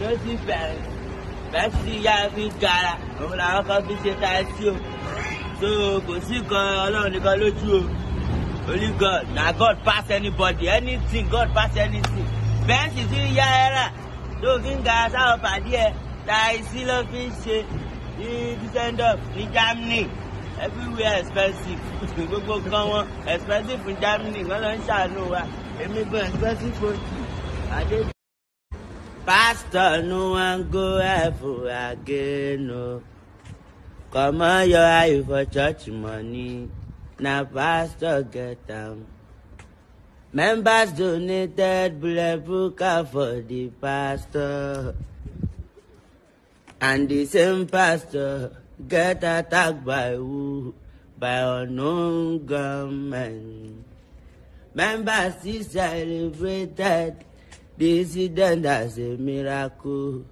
ló ti bẹ̀rẹ̀ bẹ́ẹ̀ ti yá fi gara òun làwọn kan fi ṣe ta sí o so kò sí kan ọlọ́run nìkan lójú o only God na God pass anybody anything God pass anything bẹ́ẹ̀ sì ti yá ẹ̀rà so kí n ga sáwọn pàdé ẹ̀ ta sí ló fi ń ṣe ní Düsseldorf ní Germany everywhere expensive gbogbo kan wọn expensive in Germany wọn lọ ń ṣàánú wa èmi gan expensive for you. pastor no one go heaven again come comot your eye for church money na pastor get them. members donated blood for the pastor and the same pastor get attacked by who by unknown gunmen members is celebrated Dissident as a miracle.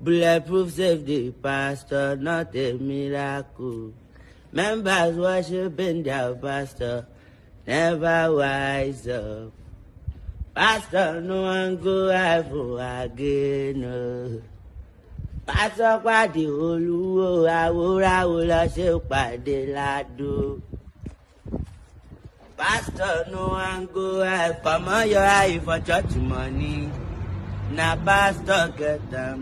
Bulletproof safety pastor, not a miracle. Members worshiping their pastor, never wise up. Pastor, no one go ever again. No. Uh. Pastor, pàdé I àwòrán wo lọ ṣe pàdé ládùn pastor no wan go help comot your eye for church money na pastor get am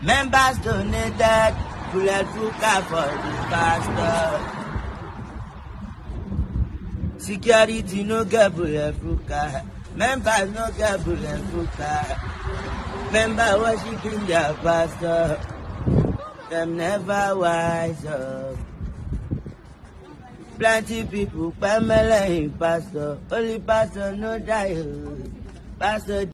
members donated bulletproof car for the pastor security no get bulletproof car members no get bulletproof car members worshiping their pastor dem never wise up plenty people pamela im pastor only pastor no die o oh. pastor